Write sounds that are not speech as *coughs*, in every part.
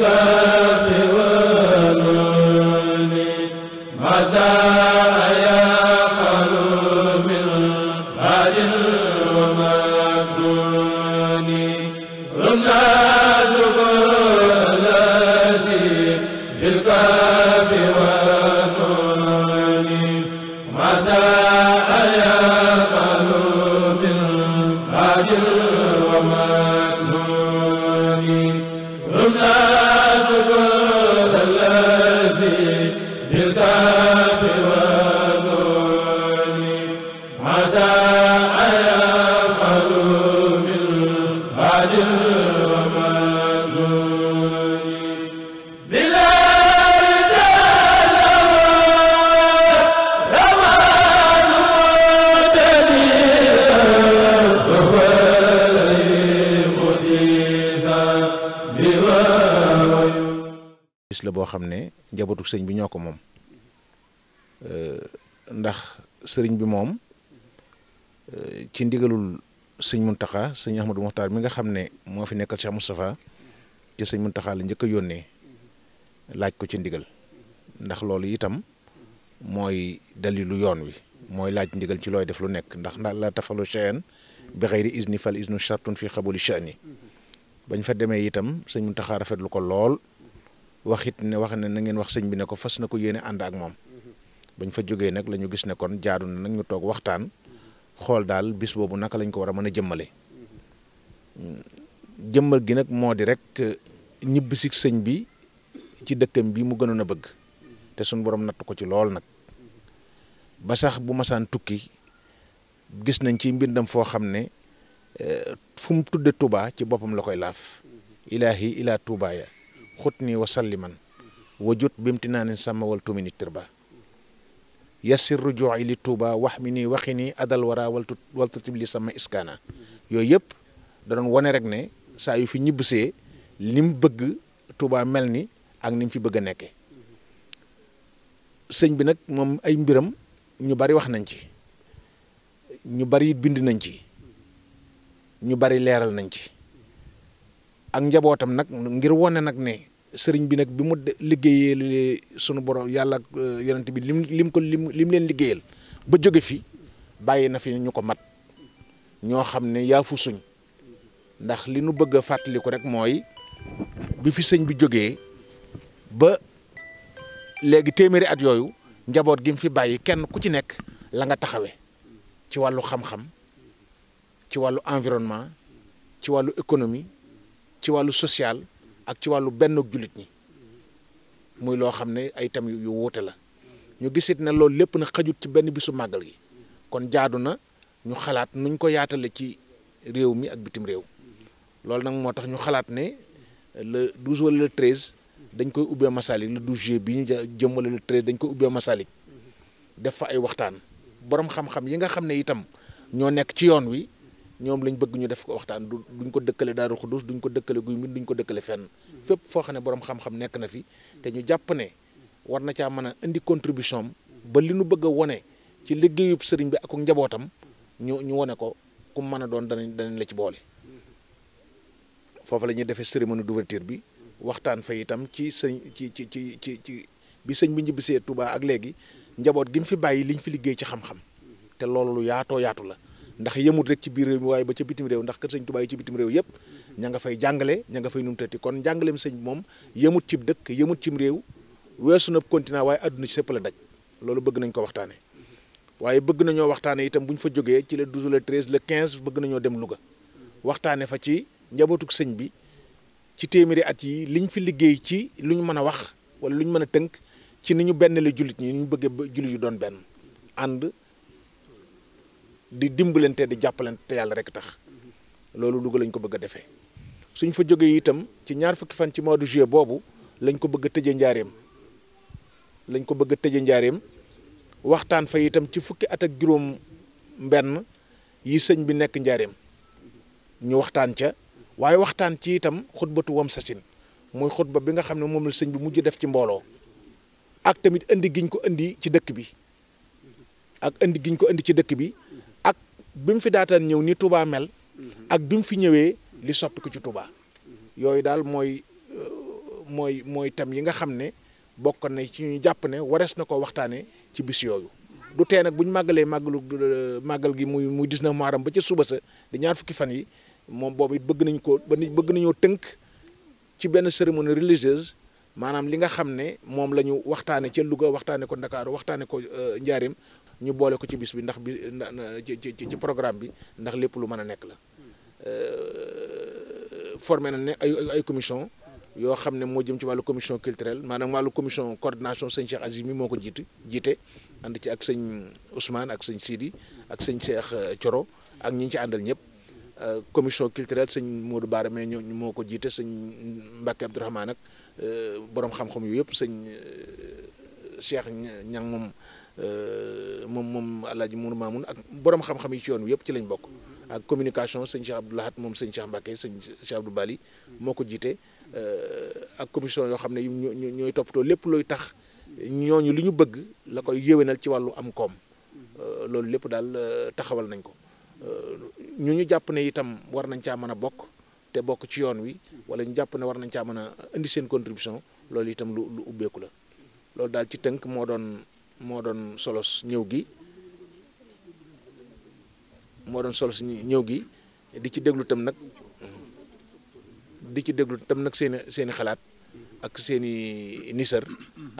ka la boo xam ne njabatu sëñ bi ñoo ko moom euh, ndax sëriñ bi moom euh, ci ndigalul sëñ Muntaxa sëñ Ahmadou Mokhtar mi nga xam ne moo fi nekkal Cheikh Moustapha ci sëñ Muntaxa la njëkk a yónnee laaj ko ci ndigal ndax loolu itam mooy dalilu yoon wi mooy laaj ndigal ci looy def lu nekk ndax ndax la tafalu cheyan bi xëyri isni fal isnu shartun fi xabuli sha'ni bañ fa demee itam sëñ Muntaxa rafetlu ko lool waxit ne wax ne na ngeen wax sëñ bi ne ko fas na ko yéene ànd ak moom bañ fa jógee nag la ñu gis ne kon jaadu na nag ñu toog waxtaan xool daal bis boobu naka lañ ko war a mën a jëmmale jëmmal gi nag moo di rek ñibbi sëñ bi ci dëkkam bi mu gënoon a bëgg te suñ borom natt ko ci lool nag ba sax bu masaan tukki gis nañ ci mbindam foo xam ne eh, fu mu tudde tubaa ci boppam la koy laaf ilaahi ilaa tuubaaya xutni wa salliman wa naa bimtinaanin sama wal tumini tirba yassir rujuu'i li tuuba wax mi ni waxi nii adal wara wal tut li sama iskaana yooyu yëpp da doon wane rek ne saa yu fi ñibbisee li bëgg tuuba mel ni ak ni mu fi bëgg a nekke sëñ bi nag moom ay mbiram ñu bari wax nañ ci ñu bari bind nañ ci ñu bari leeral nañ ci ak njabootam nag ngir wane nag ne sëriñ bi nag bi mu liggéeyee sunu borom yàlla ak euh, bi lim lim ko lim lim leen liggéeyal ba jóge fi bàyyi na fi ñu ko mat ñoo xam ne yaafu suñ ndax li nu bëgg a fàttaliku rek mooy bi fi sëñ bi jógee ba léegi téeméeri at yooyu njaboot gi mu fi bàyyi kenn ku ci nekk la nga taxawee ci wàllu xam-xam ci wàllu environnement ci wàllu économie ci wàllu social ak ci wàllu benn jullit ñi muy loo xam ne ay thèmes yu wuute la ñu gisit ne loolu lépp na xajut ci benn bisu màggal yi kon jaadu na ñu xalaat nuñ ko yaatale ci réew mi ak bitim réew loolu nag moo tax ñu xalaat ne le 12 wala le 13 dañ koy ubbee Masalik le 12 juillet bi ñu jëm wala le 13 dañ koy ubbee Masalik def fa ay waxtaan borom xam-xam yi nga xam ne itam ñoo nekk ci yoon wi ñoom lañ bëgg ñu def ko waxtaan du duñ ko dëkkale Daaru Xudus duñ ko dëkkale Guy Mbind duñ ko dëkkale fenn mm-hmm. fépp foo xam xam-xam nekk na fi te ñu jàpp ne war na caa mën a indi contribution mm-hmm. ba li nu bëgg a wone ci liggéeyub sëriñ bi ak njabootam mm-hmm. ñu ñu wone ko ku mën a doon danañ danañ la ci boole. foofu la ñuy defee cérémonie d'ouverture bi waxtaan fa itam ci sëñ ci ci ci ci ci bi sëñ bi ñibbisee Touba ak léegi njaboot gi mu fi bàyyi liñ fi liggéey ci xam-xam te loolu lu yaatoo yaatu la. ndax yëmut rek ci biir réew mi waaye ba ca bitim réew ndax kër sëñ Tuubaa yi ci bitim réew yëpp ña nga fay jàngale ña nga fay numutati kon njàngaleem sëñ moom yëmut cib dëkk yëmut cim réew weesu na continent waaye àdduna sëpp la daj loolu bëgg nañ ko waxtaane waaye bëgg nañoo waxtaane itam bu ñu fa jógee ci le 12 le 13 le 15 bëgg nañoo dem luga waxtaane fa ci njabootuk sëñ bi ci téeméeri at yi liñ fi liggéey ci luñ mën a wax wala luñ mën a tënk ci ni ñu benn la jullit ñi ñu bëggee jullit yu doon benn ànd di dimbalante di jàppalante te yàlla rek tax loolu Louga lañ ko bëgg a defee suñ fa jógee itam ci ñaar fukki fan ci mois de juillet boobu lañ ko bëgg a tëjee njaareem lañ ko bëgg a tëjee njaareem waxtaan fa itam ci fukki at ak juróom mbenn yi sëñ bi nekk njaareem ñu waxtaan ca waaye waxtaan ci itam xutbatu wam sasin mooy xutba bi nga xam ne moom la sëñ bi mujj def ci mbooloo ak tamit indi giñ ko indi ci dëkk bi ak indi giñ ko indi ci dëkk bi bi mu fi daataan ñëw ni Touba mel mhm. ak bi mu fi ñëwee li ko ci Touba yooyu daal mooy euh, mooy mooy thème yi nga xam ne bokk na ci ñu jàpp ne warees na ko waxtaanee ci bis yooyu du tee nag bu ñu màggalee màggalu euh, màggal gi muy muy 19 Muharram ba ca suba sa di ñaar fukki fan yi moom boobu it bëgg nañ ko ba nit bëgg nañoo tënk ci benn cérémonie religieuse maanaam li nga xam ne moom la ñu waxtaanee ca luga waxtaanee ko Ndakaaru waxtaanee ko euh, Njaareem ñu boole ko ci bis bi ndax bi ci ci programme bi ndax lépp lu mën a nekk la euh, formé na ne ay ay commission yoo xam ne moo jëm ci wàllu commission culturelle maanaam wàllu commission coordination sëñ Cheikh Aziz mi moo ko jiite jiite ànd ci ak sëñ Ousmane ak sëñ Sidi ak sëñ Cheikh coro euh, ak ñi ci àndal ñëpp euh, commission culturelle sëñ Modou Bara mais ñoo moo ko jiite sëñ Mbacke Abdourahmane ak borom xam-xam yu yëpp sëñ Cheikh Ñang moom Euh, moom moom Alaaji Mourou mun ak boroom xam-xam yi ci yoon wi yëpp ci lañ bokk ak communication sëñ Cheikh Abdou Lahat moom sañ Cheikh Mbacké sañ Cheikh Abdou Bali moo ko jiite euh, ak commission yoo xam ne ñu ñooy toppatoo lépp looy tax ñooñu li ñu bëgg la koy yéwénal ci wàllu am koom euh, loolu lépp daal taxawal nañ ko ñu ñu jàpp ne itam war nañ caa mën a bokk te bokk ci yoon wi wala ñu jàpp ne war nañ caa mën a indi seen contribution loolu itam lu lu ubbeeku la loolu doon moo doon solos ñëw gi moo doon solos ñëw gi di ci déglu tam nag di ci déglu tam nag seeni seeni xalaat ak seeni nisar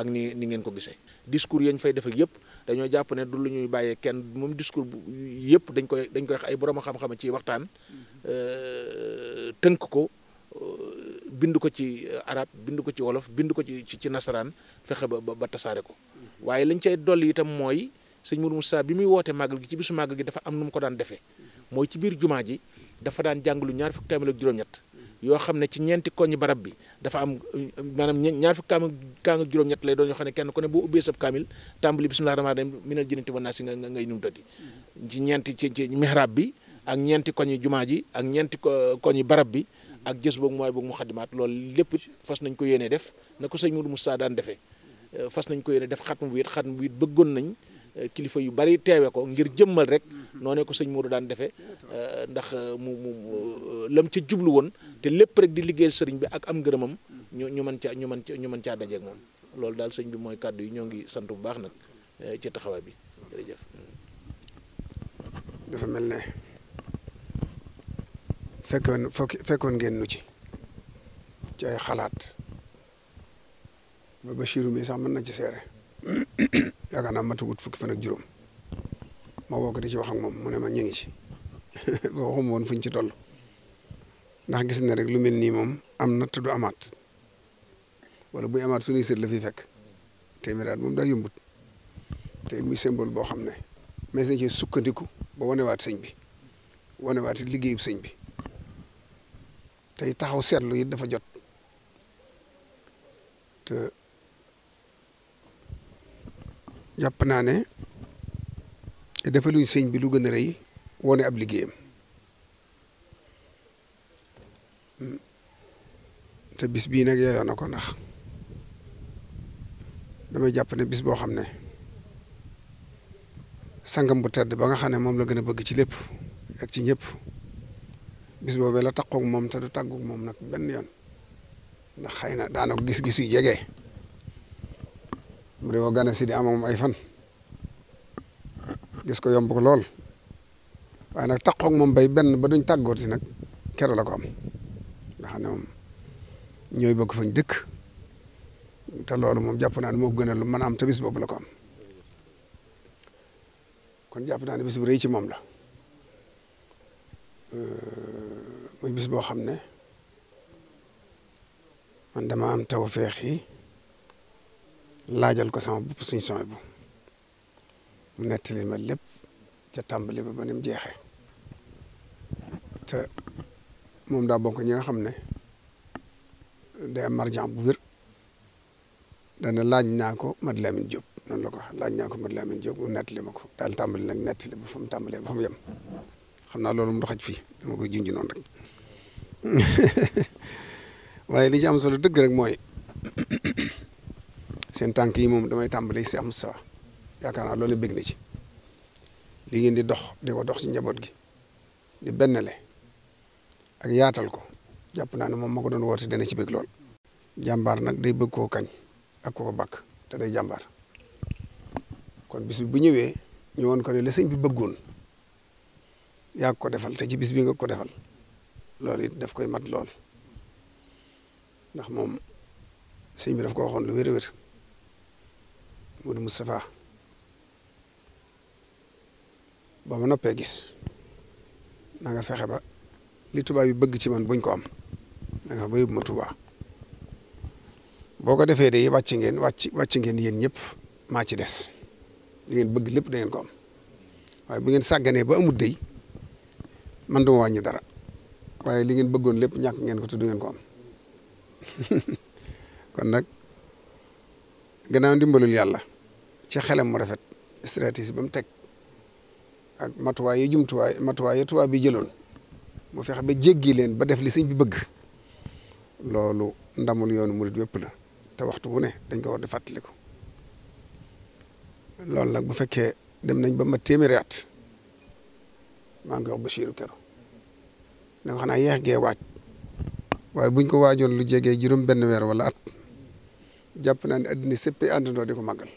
ak ni ni ngeen ko gisee discours yañ fay def ak yëpp dañoo jàpp ne du lu ñuy bàyyee kenn moom discours yëpp dañ koy dañ koy wax ay borom xam-xam ci waxtaan euh, tënk ko euh, bind ko ci arab bind ko ci wolof bind ko ci ci nasaraan fexe ba ba tasaare ko waaye lañ cay dolli itam mooy sëñ Mourou Moussa bi muy woote màggal gi ci bisu màggal gi dafa am nu mu ko daan defee mooy ci biir jumaa ji dafa daan jàngalu ñaar fukki kaamil juróom-ñett yoo xam ne ci ñeenti koñi barab bi dafa am maanaam ñaar fukk kaamil kaamil ak juróom-ñett lay doon yoo xam ne kenn ku ne boo ubbee sab kaamil tàmbali bismillah rahmaan rahim minal jinnati wan naasi nga ngay num tati ci ñeenti ci ci mihrab bi ak ñeenti koñi jumaa ji ak ñeenti ko koñi barab bi ak jës boog mooy boog mu xadimaat loolu lépp fas nañ ko yéenee def na ko sëñ Mourou Moussa daan defee Euh, fas nañ ko yéene def xatma bu it xatmu bu it bëggoon nañ euh, kilifa yu bari teewe ko ngir jëmmal rek noo ko sëñ Modou daan defee euh, ndax mu mu lam ca jublu woon te lépp rek di liggéeyal sëriñ bi ak am ngërëmam ñu ñu mën caa ñu mën ñu mën caa dajeeg moom loolu daal sëñ bi mooy kàddu yi ñoo ngi sant bu baax nag ci taxawaay bi jërëjëf. dafa mel ne fekkoon fekkoon ngeen nu ci ci ay xalaat. ba Bachirou mi sax mën na ci seere *coughs* yaakaar naa matagut fukki fan ak juróom ma woo ko di ci wax ak moom mu ne ma ñu ngi ci ba *laughs* waxuma woon fuñ ci toll ndax gis na rek lu mel nii moom am na du amaat wala buy amaat suñuy sët la fi fekk téeméeraat moom daa yombut te muy symbole boo xam ne mais nañ cee sukkandiku ba wanewaat sëñ bi wanewaat liggéeyub sëñ bi tey taxaw seetlu it dafa jot jàpp naa ne defaluñ sëñ bi lu gën a rëy wone ab liggéeyam hmm. te bis bii nag yeyoo na ko ndax damay jàpp ne bis boo xam ne sangam bu tedd ba nga xam ne moom la gën a bëgg ci lépp ak ci ñëpp bis boobee la taqoog moom te du tàggu moom nag benn yoon ndax xëy na daana ko gis-gis yu jege. mu di gana si di am moom ay fan gis ko yomb lool waaye nag taqoog moom bay benn ba duñ tàggoot si nag kero la ko am nga xam ne moom ñooy bokk fañ dëkk te lool moom jàpp naa ne moo gën lu mën a am te bis boobu la ko am kon jàpp naa bis bu rëy ci moom la muy bis boo xam ne man dama am tawfeex yi laajal ko sama bopp suñ sooy bu mu nettali ma lépp ca tàmbali ba ba ni mu jeexee te moom daa bokk ñi nga xam ne day am marjan bu wér dana laaj naa ko Mad Lamin Jóob noonu la ko wax laaj naa ko Mad Lamin Jóob mu nettali ma ko daal tàmbali nag nettali ba fa mu tàmbalee ba yem xam naa loolu mu doxaj fii dama koy junj noonu rek *laughs* waaye li ci am solo dëgg rek mooy seen tànk yi moom damay tàmbali si am sawa yaakaar naa loolu bég na ci li ngeen di dox di ko dox ci njaboot gi di benn le ak yaatal ko jàpp naa ne moom moo ko doon woor woote dana ci bég lool. jàmbaar nag day bëgg koo kañ ak koo bakk te day jàmbaar kon bis bi bu ñëwee ñu ko ne la sëñ bi bëggoon yaa ko defal te ci bis bi nga ko defal loolu it daf koy mat lool ndax moom sëñ bi daf ko waxoon lu wér-wér. Modou Moustapha ba ma noppee gis na nga fexe ba li tubaab yi bëgg ci man buñ ko am da nga ba ma Tuubaa boo ko defee de wàcc ngeen wàcc wàcc ngeen yéen ñëpp maa ci des li ngeen bëgg lépp da ngeen ko waaye bu ngeen sàgganee ba amut dey man duma wàññi dara waaye li ngeen bëggoon lépp ñàkk ngeen ko tudd ngeen ko am *laughs* kon nag gannaaw ndimbalul yàlla ci xelam mu rafet stratégie ba mu teg ak matuwaay yu jumtuwaay matuwaay yu tubaab bi jëloon mu fexe ba jéggi leen ba def li sëñ bi bëgg loolu ndamul yoonu murit wépp la te waxtu wu ne dañ ko war di ko loolu nag bu fekkee dem nañ ba ma téeméeri at maa ngi wax Bachirou Kero ne ko xanaa yeex gee waaj waaye buñ ko waajoon lu jegee juróom benn weer wala at jàpp naa ne addina sëppee àndandoo di ko màggal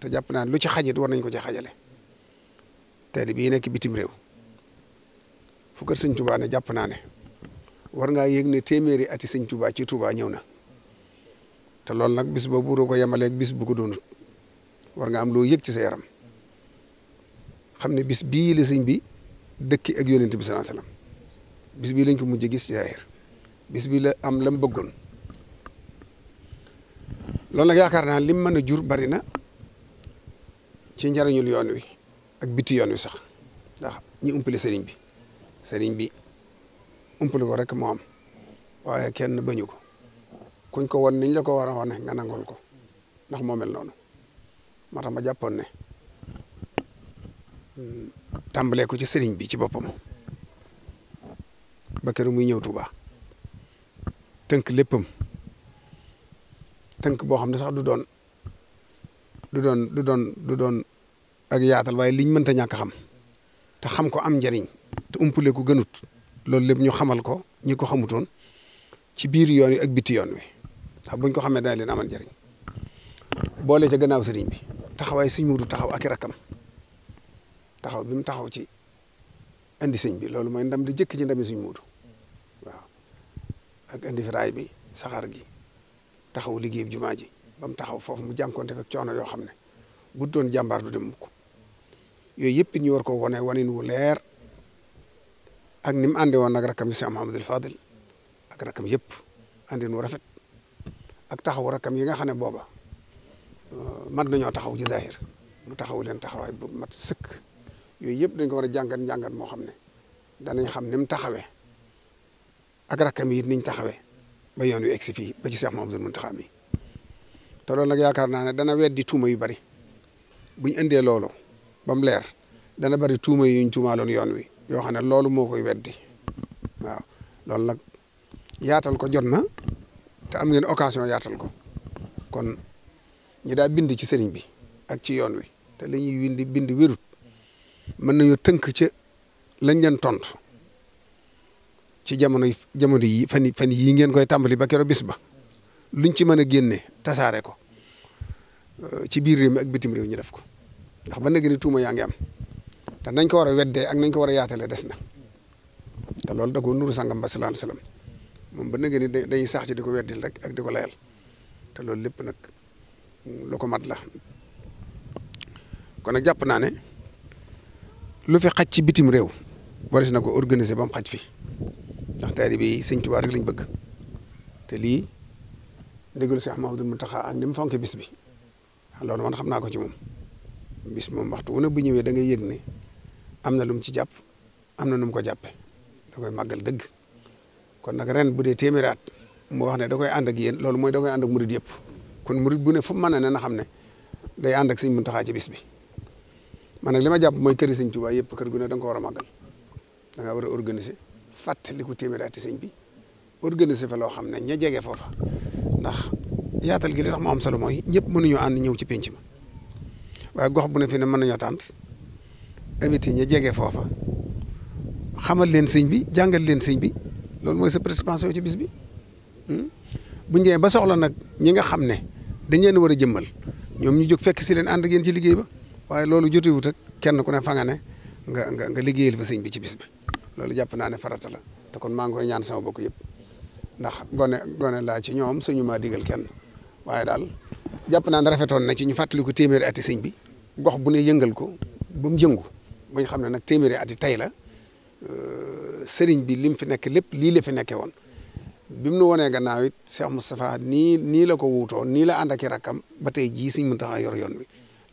te jàpp naa lu ci xajit war nañ ko ci xajale tey bii nekk bitim réew fu kër sëñ Touba ne jàpp naa ne war ngaa yëg ne téeméeri ati sëñ Touba ci Touba ñëw na te loolu nag bis boobu doo ko yemaleeg bis bu ko doonut war nga am loo yëg ci sa yaram xam ne bis bii la sëñ bi dëkki ak yonent bi sallallahu alayhi wasallam bis bii lañ ko mujj gis ci zaahir bi la am lam bëggoon loolu nag yaakaar naa lim mën a jur bari na ci njariñul yoon wi ak biti yoon wi sax ndax ñu umpale sëriñ bi sëriñ bi umpale ko rek moo am waaye kenn bañu ko kuñ ko won niñ la ko war a nga nangul ko ndax moo mel noonu moo tax ma jàppoon ne hmm, tàmbalee ko ci sëriñ bi ci boppam ba keroog muy ñëw Tuuba tënk léppam tënk boo xam ne sax du doon du doon du doon du doon ak yaatal waaye liñ mënta ñàkk xam te xam ko am njariñ te umpule ko gënut loolu lépp ñu xamal ko ñi ko xamutoon ci biir yoon wi ak bitti yoon wi ndax buñ ko xamee dana leen amal njariñ boole ca gannaaw sëriñ bi taxawaay sëñ Muudu taxaw ak i rakkam taxaw bi mu taxaw ci indi sëñ bi loolu mooy ndam di jëkk ci ndami sëñ Muudu waaw ak indi bi saxaar gi taxaw liggéey jumaa ji ba mu taxaw foofu mu jànkoonte fekk coono yoo xam ne bu doon jàmbaar du dem mukk yooyu yëpp ñu war ko wane wanin wu leer ak ni mu àndi woon ak rakam yi Cheikh Mahamadul Fadil ak rakam yëpp àndin wu rafet ak taxaw rakam yi nga xam ne booba uh, mat nañoo taxaw ci zahir mu taxaw leen taxawaay bu mat sëkk yooyu yëpp dañ ko war a jàngat njàngat moo xam ne danañ xam ni mu taxawee ak rakam ni it taxawee ba yoon wi egsi fii ba ci Cheikh Mahamadul Muntaxa mi te loolu nag yaakaar naa ne dana weddi tuuma yu bari bu ñu indee loolo ba mu leer dana bari tuuma yuñ tuumaaloon yoon wi yoo xam ne loolu moo koy weddi waaw loolu nag yaatal ko jot na te am ngeen occasion yaatal ko kon ñi daa bind ci sëriñ bi ak ci yoon wi te li ñuy windi bind wérut mën nañu tënk ca lañ leen tontu ci jamono jamono yi fan fan yii ngeen koy tàmbali ba keroog bis ba. luñ ci mën a génne tasaaree ko euh, ci biir réew ak bitim réew ñu def ko ndax ba léegi tuuma yaa ngi am te nañ ko war a weddee ak nañ ko war a yaatalee des na te loolu da ko nuru sangam ba salaam salaam moom ba léegi ni dañuy sax ci di ko weddil rek ak di ko layal te loolu lépp nag lu ko mat la kon nag jàpp naa ne lu fi xaj ci bitim réew waris na ko organiser ba mu xaj fi ndax taalibe yi Sëñ Tuubaa rek lañ bëgg ndigal Cheikh Mamadou Mountakha ak ni mu fonke bis bi loolu man xam naa ko ci moom bis moom waxtu wu ne bu ñëwee da ngay yëg ne am na lu mu ci jàpp am na nu mu ko jàppe da koy màggal dëgg nag ren bu dee téeméeri at mu wax ne da koy ànd ak yéen loolu mooy da koy ànd ak murid yëpp kon murid bu ne mën a ne na xam ne day ànd ak Sëñ Mountakha ci bis bi man nag li ma jàpp mooy këri Sëñ Tuubaa yëpp kër gu ne da nga ko war a màggal da nga war fàttaliku téeméeri sëñ bi organiser fa loo xam ne ña jege foofa ndax yaatal gi li tax mu am solo mooy ñëpp mënuñoo ànd ñëw ci pénc ma waaye gox bu ne fi ne mën nañoo tànt invité ña jege foofa xamal leen sëñ bi jàngal leen sëñ bi loolu mooy sa participation ci bis bi hmm? bu ñëwee ba soxla nag ñi nga xam ne dañ leen war a jëmmal ñoom ñu jog fekk si leen ànd ak ci liggéey ba waaye loolu jotewut ak kenn ku ne fa nga ne nga nga nga liggéeyal fa sëñ bi ci bis bi loolu jàpp naa ne farata la te kon maa ngi ñaan sama bokk yëpp ndax gone gone laa ci ñoom suñu maa digal kenn waaye daal jàpp naa ne rafetoon na ci ñu fàttaliku téeméeri ati sëñ bi gox bu ne yëngal ko ba mu yëngu ba xam ne nag téeméeri ati tey la euh, sëriñ bi lim fi nekk lépp lii la fi nekkee woon. bi mu nu wonee gannaaw it Cheikh Moustapha nii nii la ko wuutoon nii la ànd ak i rakkam ba tey jii suñ mën taxa yor yoon wi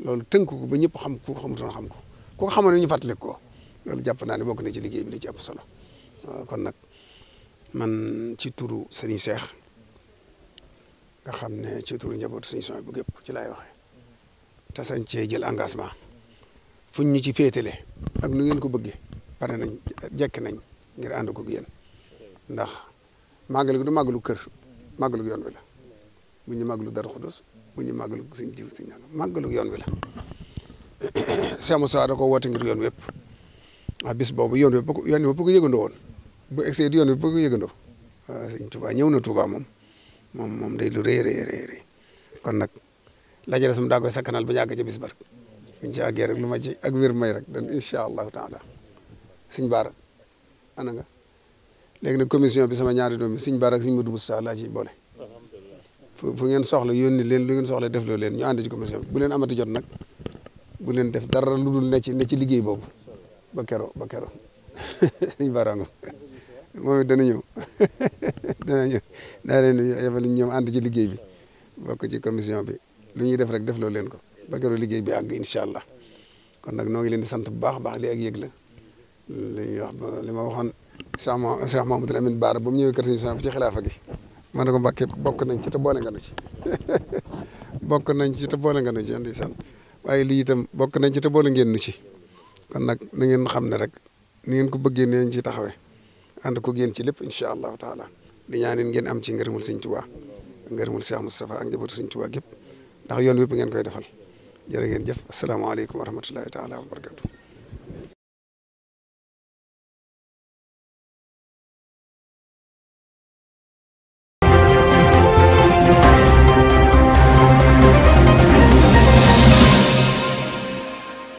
loolu tënk ko ba ñëpp xam ku ko xamutoon xam ko ku ko xamoon ñu fàttaliku ko loolu jàpp naa ne bokk na ci liggéey bi ci ëpp solo nag. man ci turu Serigne Cheikh nga xam ne ci turu njabootu Serigne Souhaïbou bu gépp ci laay waxee te sañ cee jël engagement fuñ ñu ci féetale ak nu ngeen ko bëggee pare nañ jekk nañ ngir ànd ko yéen ndax màggal gi du màggalu kër màggalu yoon bi la bu ñu màggalu Darou Khoudoss bu ñu màggalu Serigne Diouf Serigne Nangam màggalu yoon bi la *coughs* Cheikh Moussa da ko woote ngir yoon wépp ah bis boobu yoon wépp yoon wépp ko yëgandoo woon bu egsee di yoon bi bëgg yëgandoo waaw ah, sëñ Touba ñëw na Touba moom moom moom day lu rëy rëy rëy kon nag lajale sum daa koy sakkanal ba ñu àgg ca bis bark buñ ci àggee rek lu ma ci ak wér may rek dan incha allahu taala sëñ Baara ana nga léegi nag commission bi sama ñaari doom bi sëñ Baara ak sëñ Modou sa laa ciy boole fu fu ngeen soxla yónni leen lu ngeen soxla def loo leen ñu ànd ci commission bi bu leen amati jot nag bu leen def dara lu dul ne ci ne ci liggéey boobu ba kero ba kero *laughs* sëñ Baara nga moom it dana ñëw *laughs* dana ñëw daa leen yebal ñoom ànd ci liggéey bi bokk ci commission bi lu ñuy def rek def loolu leen ko ba keroog liggéey bi ak incha allah kon nag noo ngi leen di sant bu baax baax li ak yëg la li ñuy wax li ma waxoon Cheikh Ma Cheikh Mahamadou Lamine Bara ba mu ñëwee kër suñu ci xilaafa gi ma ne ko Mbàkke bokk nañ ci te boole nga nu ci *laughs* bokk nañ ci te boole nga nu ci andi sant waaye lii itam bokk nañ ci te boole ngeen nu ci kon nag na ngeen xam ne rek ni ngeen ko bëggee ni ciy taxawee. ànd ko génn ci lépp incha allahu taala di ñaaneen ngeen am ci ngërëmul sëñ Tuubaa ngërëmul Cheikh Moustapha ak njabootu sëñ Tuubaa gépp ndax wi wépp ngeen koy defal jërë ngeen jëf asalaamaaleykum wa rahmatullahi taala wa barakatu